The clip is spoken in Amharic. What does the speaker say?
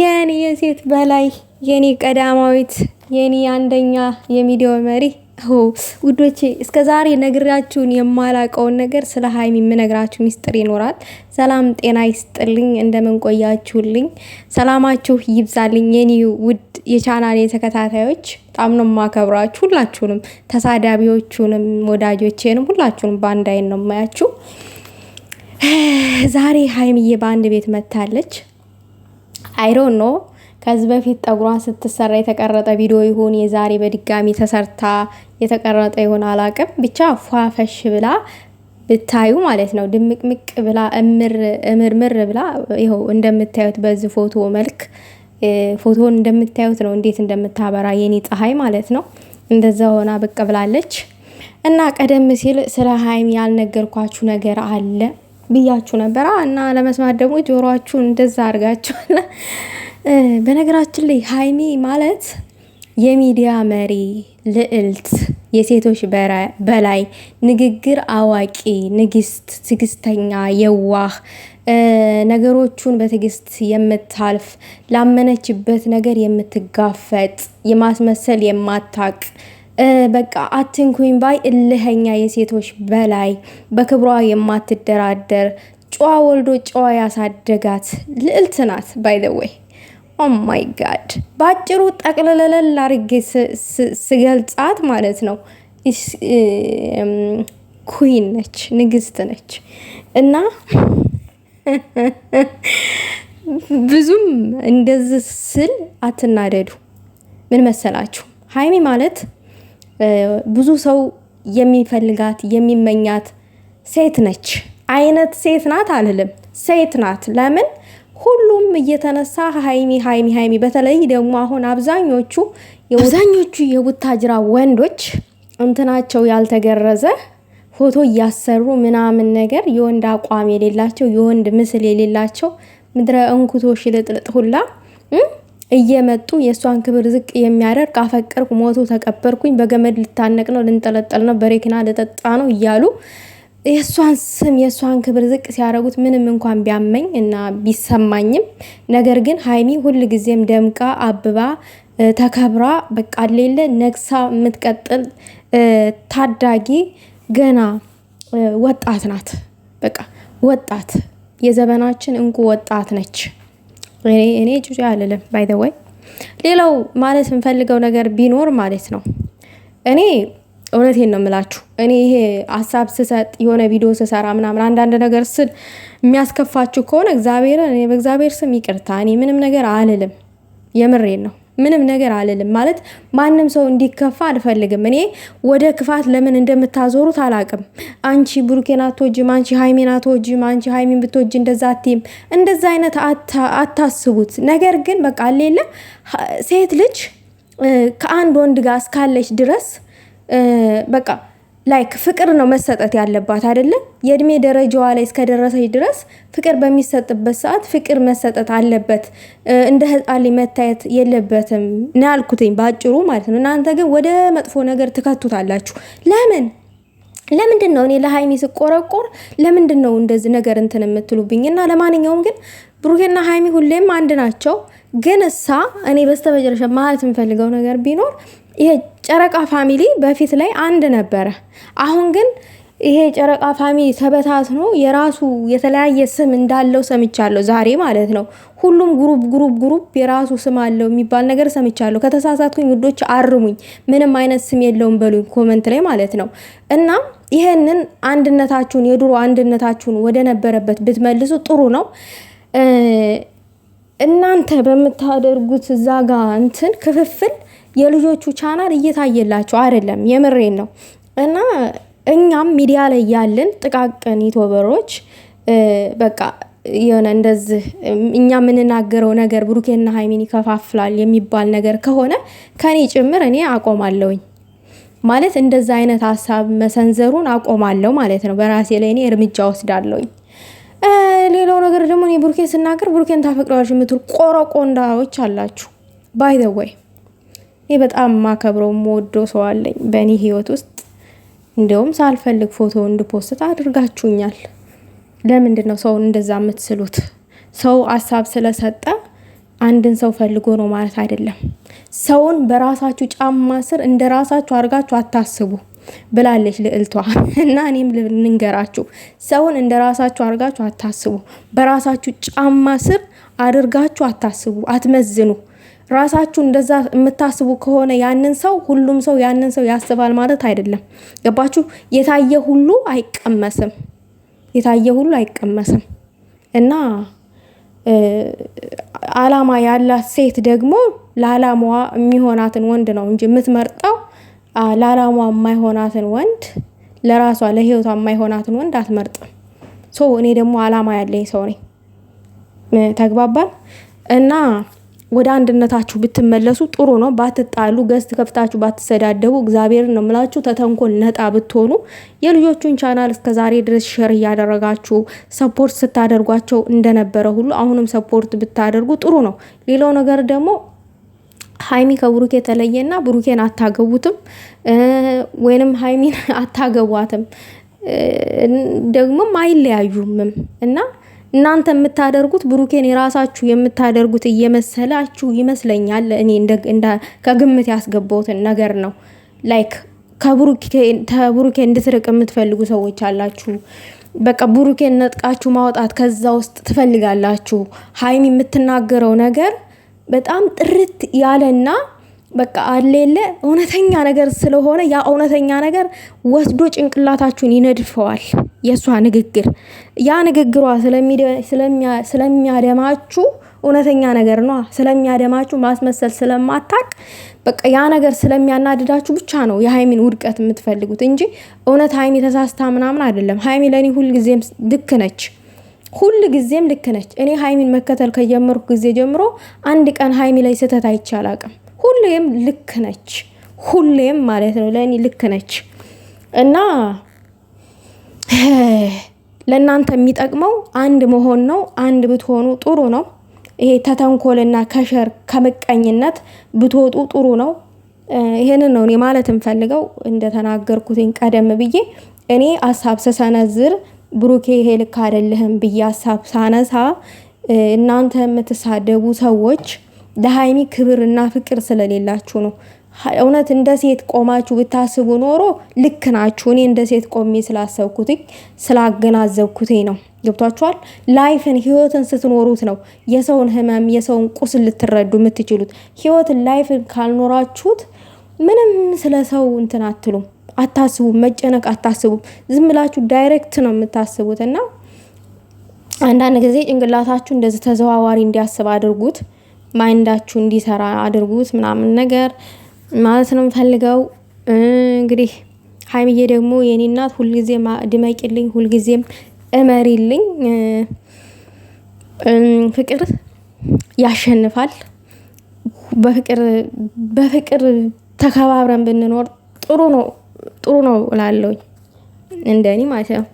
የኔ የሴት በላይ የኔ ቀዳማዊት የኔ አንደኛ የሚዲያው መሪ ውዶቼ እስከ ዛሬ ነግራችሁን የማላቀውን ነገር ስለ ሀይሚ የምነግራችሁ ሚስጥር ይኖራል። ሰላም ጤና ይስጥልኝ፣ እንደምንቆያችሁልኝ፣ ሰላማችሁ ይብዛልኝ የኔ ውድ የቻናሌ ተከታታዮች፣ በጣም ነው የማከብራችሁ ሁላችሁንም፣ ተሳዳቢዎቹንም፣ ወዳጆቼንም ሁላችሁንም በአንድ አይን ነው የማያችሁ። ዛሬ ሀይሚዬ በአንድ ቤት መታለች። አይዶን ኖ ከዚህ በፊት ጠጉሯን ስትሰራ የተቀረጠ ቪዲዮ ይሁን የዛሬ በድጋሚ ተሰርታ የተቀረጠ ይሁን አላቅም፣ ብቻ ፏፈሽ ብላ ብታዩ ማለት ነው ድምቅምቅ ብላ እምርምር ብላ ይኸው እንደምታዩት በዚህ ፎቶ መልክ ፎቶን እንደምታዩት ነው እንዴት እንደምታበራ የኔ ፀሐይ ማለት ነው። እንደዛ ሆና ብቅ ብላለች እና ቀደም ሲል ስለ ሀይሚ ያልነገርኳችሁ ነገር አለ ብያችሁ ነበረ እና ለመስማት ደግሞ ጆሮችሁን እንደዛ አድርጋችኋል። በነገራችን ላይ ሀይሚ ማለት የሚዲያ መሪ፣ ልዕልት፣ የሴቶች በላይ፣ ንግግር አዋቂ፣ ንግስት፣ ትዕግስተኛ፣ የዋህ ነገሮቹን በትዕግስት የምታልፍ ላመነችበት ነገር የምትጋፈጥ የማስመሰል የማታቅ በቃ አትንኩኝ ባይ እልህኛ የሴቶች በላይ በክብሯ የማትደራደር ጨዋ ወልዶ ጨዋ ያሳደጋት ልዕልት ናት። ኦ ማይ ጋድ በአጭሩ ጠቅልለለል አድርጌ ስገልጻት ማለት ነው ኩዊን ነች፣ ንግስት ነች እና ብዙም እንደዚህ ስል አትናደዱ። ምን መሰላችሁ ሀይሚ ማለት ብዙ ሰው የሚፈልጋት የሚመኛት ሴት ነች። አይነት ሴት ናት አልልም፣ ሴት ናት። ለምን ሁሉም እየተነሳ ሀይሚ ሀይሚ ሀይሚ። በተለይ ደግሞ አሁን አብዛኞቹ አብዛኞቹ የቡታጅራ ወንዶች እንትናቸው ያልተገረዘ ፎቶ እያሰሩ ምናምን ነገር የወንድ አቋም የሌላቸው የወንድ ምስል የሌላቸው ምድረ እንኩቶ ሽልጥልጥ ሁላ እየመጡ የእሷን ክብር ዝቅ የሚያደርግ አፈቀርኩ፣ ሞቱ፣ ተቀበርኩኝ፣ በገመድ ልታነቅ ነው፣ ልንጠለጠል ነው፣ በሬኪና ልጠጣ ነው እያሉ የእሷን ስም የእሷን ክብር ዝቅ ሲያደርጉት ምንም እንኳን ቢያመኝ እና ቢሰማኝም ነገር ግን ሀይሚ ሁል ጊዜም ደምቃ አብባ ተከብራ በቃ ሌለ ነግሳ የምትቀጥል ታዳጊ ገና ወጣት ናት። በቃ ወጣት የዘመናችን እንቁ ወጣት ነች። እኔ ጩጬ አልልም። ባይ ዘ ወይ ሌላው ማለት የምፈልገው ነገር ቢኖር ማለት ነው እኔ እውነቴን ነው የምላችሁ። እኔ ይሄ ሀሳብ ስሰጥ የሆነ ቪዲዮ ስሰራ ምናምን አንዳንድ ነገር ስል የሚያስከፋችሁ ከሆነ እግዚአብሔርን እኔ በእግዚአብሔር ስም ይቅርታ፣ እኔ ምንም ነገር አልልም። የምሬን ነው። ምንም ነገር አልልም። ማለት ማንም ሰው እንዲከፋ አልፈልግም። እኔ ወደ ክፋት ለምን እንደምታዞሩት አላቅም። አንቺ ብሩኬን አትወጂም፣ አንቺ ሀይሜን አትወጂም፣ አንቺ ሀይሜን ብትወጂ እንደዛ አትይም፣ እንደዛ አይነት አታስቡት። ነገር ግን በቃ ሌለ ሴት ልጅ ከአንድ ወንድ ጋር እስካለች ድረስ በቃ ላይክ ፍቅር ነው መሰጠት ያለባት አይደለም። የእድሜ ደረጃዋ ላይ እስከደረሰች ድረስ ፍቅር በሚሰጥበት ሰዓት ፍቅር መሰጠት አለበት። እንደ ህፃን ላይ መታየት የለበትም ነው ያልኩትኝ በአጭሩ ማለት ነው። እናንተ ግን ወደ መጥፎ ነገር ትከቱታላችሁ። ለምን ለምንድን ነው እኔ ለሀይሚ ስቆረቆር ለምንድን ነው እንደዚህ ነገር እንትን የምትሉብኝ? እና ለማንኛውም ግን ብሩኬና ሀይሚ ሁሌም አንድ ናቸው። ግን እሳ እኔ በስተመጨረሻ ማለት የምፈልገው ነገር ቢኖር ይሄ ጨረቃ ፋሚሊ በፊት ላይ አንድ ነበረ። አሁን ግን ይሄ ጨረቃ ፋሚሊ ተበታትኖ የራሱ የተለያየ ስም እንዳለው ሰምቻለሁ፣ ዛሬ ማለት ነው። ሁሉም ጉሩብ ጉሩብ ጉሩብ የራሱ ስም አለው የሚባል ነገር ሰምቻለሁ። ከተሳሳትኩኝ ውዶች አርሙኝ፣ ምንም አይነት ስም የለውም በሉኝ ኮመንት ላይ ማለት ነው። እና ይህንን አንድነታችሁን የድሮ አንድነታችሁን ወደ ነበረበት ብትመልሱ ጥሩ ነው። እናንተ በምታደርጉት እዛ ጋ እንትን ክፍፍል የልጆቹ ቻናል እየታየላቸው አይደለም። የምሬን ነው። እና እኛም ሚዲያ ላይ ያለን ጥቃቅን ዩቱበሮች በቃ የሆነ እንደዚህ እኛ የምንናገረው ነገር ብሩኬና ሀይሚን ይከፋፍላል የሚባል ነገር ከሆነ ከኔ ጭምር እኔ አቆማለሁኝ። ማለት እንደዛ አይነት ሀሳብ መሰንዘሩን አቆማለሁ ማለት ነው። በራሴ ላይ እኔ እርምጃ ወስዳለሁኝ። ሌላው ነገር ደግሞ እኔ ብሩኬን ስናገር ብሩኬን ታፈቅረዋለች የምትል ቆረቆንዳዎች አላችሁ ባይ ዘ ወይ ይህ በጣም ማከብረው ወዶ ሰው አለኝ። በእኔ ህይወት ውስጥ እንደውም ሳልፈልግ ፎቶ እንድፖስት አድርጋችሁኛል። ለምንድን ነው ሰውን እንደዛ የምትስሉት? ሰው ሀሳብ ስለሰጠ አንድን ሰው ፈልጎ ነው ማለት አይደለም። ሰውን በራሳችሁ ጫማ ስር እንደ ራሳችሁ አድርጋችሁ አታስቡ ብላለች ልዕልቷ። እና እኔም ልንገራችሁ ሰውን እንደ ራሳችሁ አድርጋችሁ አታስቡ፣ በራሳችሁ ጫማ ስር አድርጋችሁ አታስቡ፣ አትመዝኑ። ራሳችሁ እንደዛ የምታስቡ ከሆነ ያንን ሰው ሁሉም ሰው ያንን ሰው ያስባል ማለት አይደለም። ገባችሁ? የታየ ሁሉ አይቀመስም፣ የታየ ሁሉ አይቀመስም። እና አላማ ያላት ሴት ደግሞ ለአላማዋ የሚሆናትን ወንድ ነው እንጂ የምትመርጠው ለአላማዋ የማይሆናትን ወንድ፣ ለራሷ ለህይወቷ የማይሆናትን ወንድ አትመርጥም። ሶ እኔ ደግሞ አላማ ያለኝ ሰው ነኝ። ተግባባል እና ወደ አንድነታችሁ ብትመለሱ ጥሩ ነው። ባትጣሉ፣ ገዝት ከፍታችሁ ባትሰዳደቡ፣ እግዚአብሔር ነው የምላችሁ። ተተንኮል ነጣ ብትሆኑ የልጆቹን ቻናል እስከ ዛሬ ድረስ ሸር እያደረጋችሁ ሰፖርት ስታደርጓቸው እንደነበረ ሁሉ አሁንም ሰፖርት ብታደርጉ ጥሩ ነው። ሌላው ነገር ደግሞ ሀይሚ ከብሩኬ የተለየና ብሩኬን አታገቡትም ወይንም ሀይሚን አታገቧትም ደግሞም አይለያዩምም እና እናንተ የምታደርጉት ብሩኬን የራሳችሁ የምታደርጉት እየመሰላችሁ ይመስለኛል። እኔ ከግምት ያስገባሁትን ነገር ነው። ላይክ ከብሩኬ እንድትርቅ የምትፈልጉ ሰዎች አላችሁ። በቃ ብሩኬን ነጥቃችሁ ማውጣት ከዛ ውስጥ ትፈልጋላችሁ። ሀይሚ የምትናገረው ነገር በጣም ጥርት ያለና በቃ አሌለ እውነተኛ ነገር ስለሆነ ያ እውነተኛ ነገር ወስዶ ጭንቅላታችሁን ይነድፈዋል። የእሷ ንግግር ያ ንግግሯ ስለሚያደማችሁ እውነተኛ ነገር ነ ስለሚያደማችሁ ማስመሰል ስለማታቅ በቃ ያ ነገር ስለሚያናድዳችሁ ብቻ ነው የሀይሚን ውድቀት የምትፈልጉት እንጂ እውነት ሀይሚ ተሳስታ ምናምን አይደለም። ሀይሚ ለእኔ ሁልጊዜም ልክ ነች፣ ሁል ጊዜም ልክ ነች። እኔ ሀይሚን መከተል ከጀመርኩ ጊዜ ጀምሮ አንድ ቀን ሀይሚ ላይ ስህተት አይቼ አላቅም። ሁሌም ልክ ነች፣ ሁሌም ማለት ነው ለእኔ ልክ ነች እና ለእናንተ የሚጠቅመው አንድ መሆን ነው። አንድ ብትሆኑ ጥሩ ነው። ይሄ ተተንኮልና ከሸር ከምቀኝነት ብትወጡ ጥሩ ነው። ይህን ነው እኔ ማለት እንፈልገው እንደተናገርኩትኝ ቀደም ብዬ እኔ ሀሳብ ስሰነዝር ብሩኬ ይሄ ልክ አይደለህም ብዬ ሀሳብ ሳነሳ እናንተ የምትሳደቡ ሰዎች ለሀይሚ ክብርና ፍቅር ስለሌላችሁ ነው። እውነት እንደ ሴት ቆማችሁ ብታስቡ ኖሮ ልክ ናችሁ። እኔ እንደ ሴት ቆሜ ስላሰብኩት ስላገናዘብኩት ነው። ገብቷችኋል? ላይፍን ህይወትን ስትኖሩት ነው የሰውን ህመም የሰውን ቁስል ልትረዱ የምትችሉት። ህይወትን ላይፍን ካልኖራችሁት ምንም ስለ ሰው እንትን አትሉም፣ አታስቡም፣ መጨነቅ አታስቡም። ዝም ብላችሁ ዳይሬክት ነው የምታስቡት እና አንዳንድ ጊዜ ጭንቅላታችሁ እንደዚህ ተዘዋዋሪ እንዲያስብ አድርጉት። ማይንዳችሁ እንዲሰራ አድርጉት ምናምን ነገር ማለት ነው የምፈልገው። እንግዲህ ሀይሚዬ ደግሞ የኔ እናት ሁልጊዜም ድመቂልኝ፣ ሁልጊዜም እመሪልኝ። ፍቅር ያሸንፋል። በፍቅር በፍቅር ተከባብረን ብንኖር ጥሩ ነው ጥሩ ነው እላለሁኝ እንደኔ ማለት ነው።